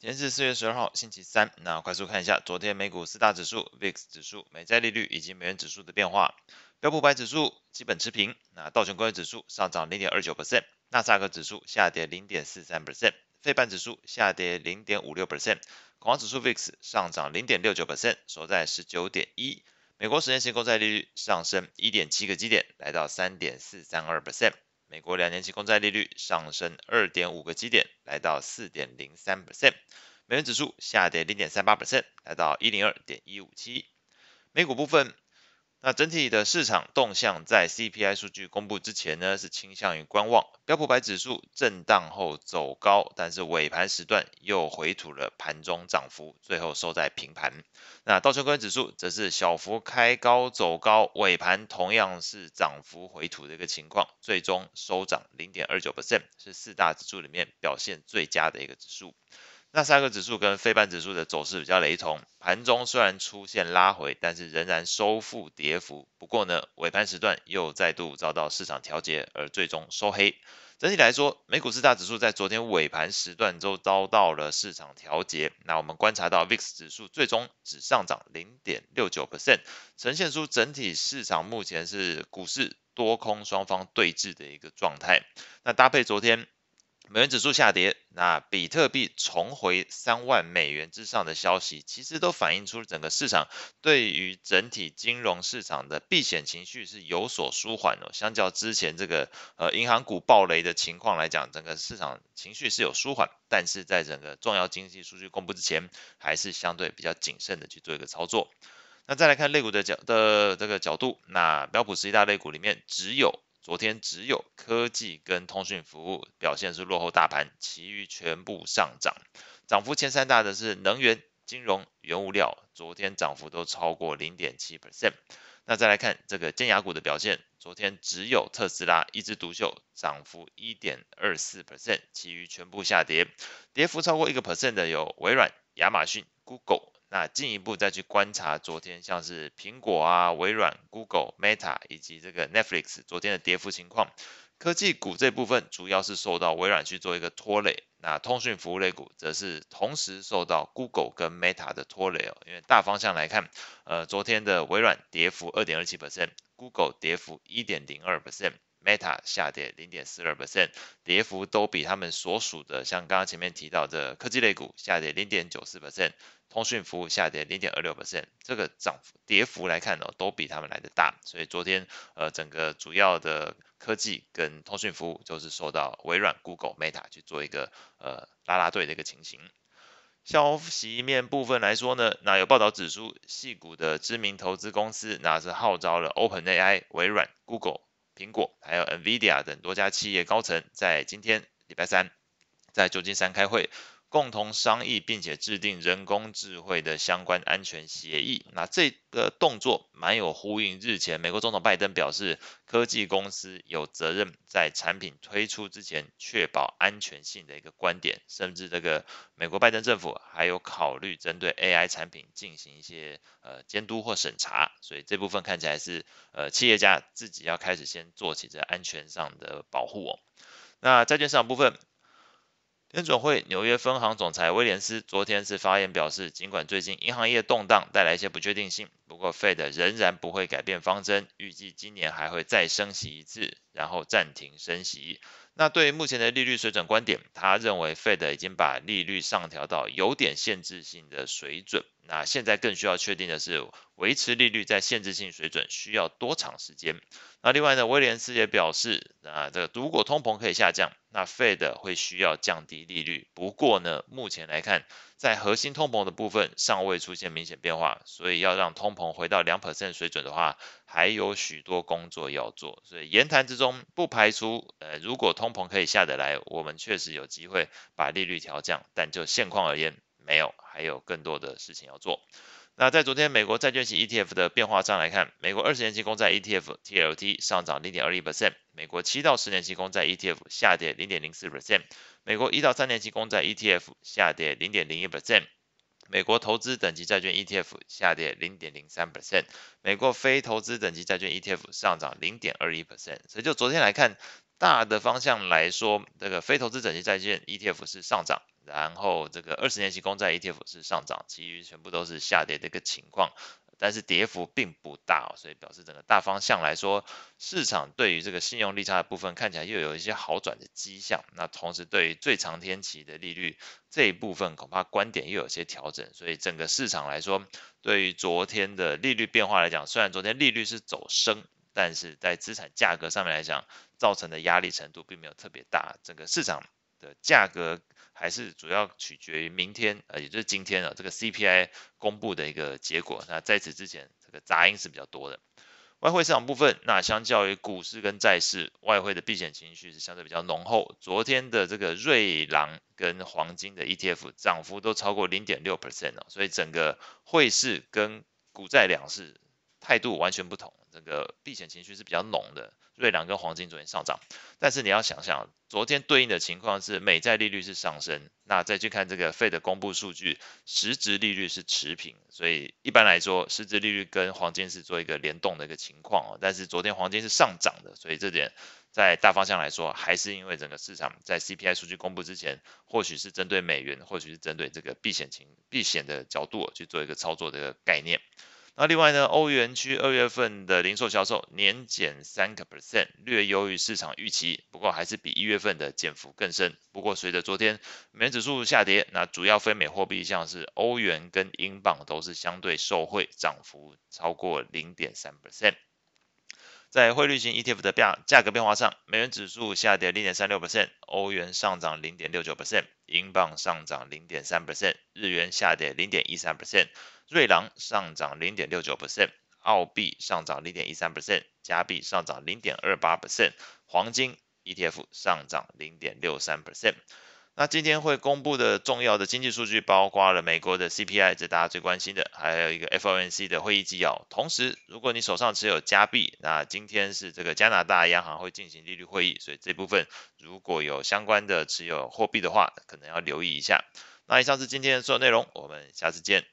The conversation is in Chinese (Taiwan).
今天是四月十二號，星期三。那快速看一下昨天美股四大指數、VIX 指數、美債利率以及美元指數的變化。標普五百指數基本持平，那道瓊工業指數上漲零點二九 percent，納斯達克指數下跌零點四三 percent，費半指數下跌零點五六 percent。恐慌指數 VIX 上漲零點六九 percent，收在十九點一。美國十年期公債利率上升一點七個基點，來到三點四三二 percent。美國兩年期公債利率上升二點五個基點，來到四點零三%。美元指數下跌零點三八%，來到一零二點一五七。美股部分。那整體的市場動向在 CPI 數據公布之前呢，是傾向於觀望。標普五百指數震盪後走高，但是尾盤時段又回吐了盤中漲幅，最後收在平盤。那道瓊斯指數則是小幅開高走高，尾盤同樣是漲幅回吐的一個情況，最終收漲零點二九%，是四大指數裡面表現最佳的一個指數。那斯達克指數跟費半指數的走勢比較雷同，盤中雖然出現拉回，但是仍然收復跌幅。不過呢，尾盤時段又再度遭到市場調節，而最終收黑。整體來說，美股四大指數在昨天尾盤時段都遭到了市場調節。那我們觀察到 VIX 指數最終只上漲零點六九 percent，呈現出整體市場目前是股市多空雙方對峙的一個狀態。那搭配昨天。美元指數下跌，那比特幣重回三萬美元之上的消息，其實都反映出了整個市場對於整體金融市場的避險情緒是有所舒緩了，哦。相較之前這個呃銀行股爆雷的情況來講，整個市場情緒是有舒緩，但是在整個重要經濟數據公布之前，還是相對比較謹慎的去做一個操作。那再來看類股的角的這個角度，那標普十一大類股裡面只有。昨天只有科技跟通訊服務表現是落後大盤，其餘全部上漲。漲幅前三大的是能源、金融、原物料，昨天漲幅都超過零點七 percent。那再來看這個尖牙股的表現，昨天只有特斯拉一枝獨秀，漲幅一點二四 percent，其餘全部下跌，跌幅超過一個 percent 的有微軟、亞馬遜、Google。那進一步再去觀察昨天像是蘋果啊、微軟、Google、Meta 以及這個 Netflix 昨天的跌幅情況，科技股這部分主要是受到微軟去做一個拖累，那通訊服務類股則是同時受到 Google 跟 Meta 的拖累哦。因為大方向來看，呃，昨天的微軟跌幅二點二七 percent，Google 跌幅一點零二 percent。Meta 下跌零點四二 percent，跌幅都比他們所屬的，像剛剛前面提到的科技類股下跌零點九四 percent，通訊服務下跌零點二六 percent，這個漲幅跌幅來看哦，都比他們來的大。所以昨天呃，整個主要的科技跟通訊服務就是受到微軟、Google、Meta 去做一個呃拉拉隊的一個情形。消息面部分來說呢，那有報道指出，矽谷的知名投資公司，那是號召了 OpenAI、微軟、Google。蘋果、還有 Nvidia 等多家企業高層在今天禮拜三在舊金山開會。共同商議，並且制定人工智慧的相關安全協議。那這個動作蠻有呼應日前，美國總統拜登表示，科技公司有責任在產品推出之前確保安全性的一個觀點。甚至這個美國拜登政府還有考慮針對 AI 產品進行一些呃監督或審查。所以這部分看起來是呃企業家自己要開始先做起這安全上的保護。哦。那債券市場部分。聯準會紐約分行總裁威廉斯昨天是發言表示，儘管最近銀行業動盪帶來一些不確定性。不過，FED 仍然不會改變方針，預計今年還會再升息一次，然後暫停升息。那對於目前的利率水準觀點，他認為 FED 已經把利率上調到有點限制性的水準。那現在更需要確定的是，維持利率在限制性水準需要多長時間。那另外呢，威廉斯也表示，啊，這個如果通膨可以下降，那 FED 會需要降低利率。不過呢，目前來看。在核心通膨的部分尚未出現明顯變化，所以要讓通膨回到兩 percent 水準的話，還有許多工作要做。所以言談之中不排除，呃，如果通膨可以下得來，我們確實有機會把利率調降。但就現況而言，沒有，還有更多的事情要做。那在昨天美國債券型 ETF 的變化上來看，美國二十年期公債 ETF TLT 上漲零點二一 percent，美國七到十年期公債 ETF 下跌零點零四 percent，美國一到三年期公債 ETF 下跌零點零一 percent，美國投資等級債券 ETF 下跌零點零三 percent，美國非投資等級債券 ETF 上漲零點二一 percent。所以就昨天來看，大的方向來說，這個非投資等級債券 ETF 是上漲。然後這個二十年期公債 ETF 是上漲，其餘全部都是下跌的一個情況，但是跌幅並不大，哦，所以表示整個大方向來說，市場對於這個信用利差的部分看起來又有一些好轉的跡象。那同時對於最長天期的利率這一部分，恐怕觀點又有些調整。所以整個市場來說，對於昨天的利率變化來講，雖然昨天利率是走升，但是在資產價格上面來講，造成的壓力程度並沒有特別大，整、這個市場的價格。還是主要取決於明天，呃，也就是今天啊，這個 C P I 公布的一個結果。那在此之前，這個雜音是比較多的。外匯市場部分，那相較於股市跟債市，外匯的避險情緒是相對比較濃厚。昨天的這個瑞郎跟黃金的 E T F 漲幅都超過零點六 percent 哦，所以整個匯市跟股債兩市態度完全不同。整、這個避險情緒是比較濃的，瑞郎跟黃金昨天上漲，但是你要想想，昨天對應的情況是美債利率是上升，那再去看這個 Fed 的公布數據，實質利率是持平，所以一般來說實質利率跟黃金是做一個連動的一個情況哦，但是昨天黃金是上漲的，所以這點在大方向來說，還是因為整個市場在 CPI 數據公布之前，或許是針對美元，或許是針對這個避險情避險的角度去做一個操作的概念。那、啊、另外呢，歐元區二月份的零售銷售年減三個 percent，略優於市場預期，不過還是比一月份的減幅更深。不過隨着昨天美元指數下跌，那主要非美貨幣像是歐元跟英鎊都是相對受惠，漲幅超過零點三 percent。在匯率型 ETF 的價價格變化上，美元指數下跌0.36%，歐元上漲0.69%，英鎊上漲0.3%，日元下跌0.13%，瑞郎上漲0.69%，澳幣上漲0.13%，加幣上漲0.28%，黃金 ETF 上漲0.63%。那今天會公布的重要的經濟數據，包括了美國的 CPI，這大家最關心的，還有一個 FOMC 的會議紀要。同時，如果你手上持有加幣，那今天是這個加拿大央行會進行利率會議，所以這部分如果有相關的持有貨幣的話，可能要留意一下。那以上是今天的所有內容，我們下次見。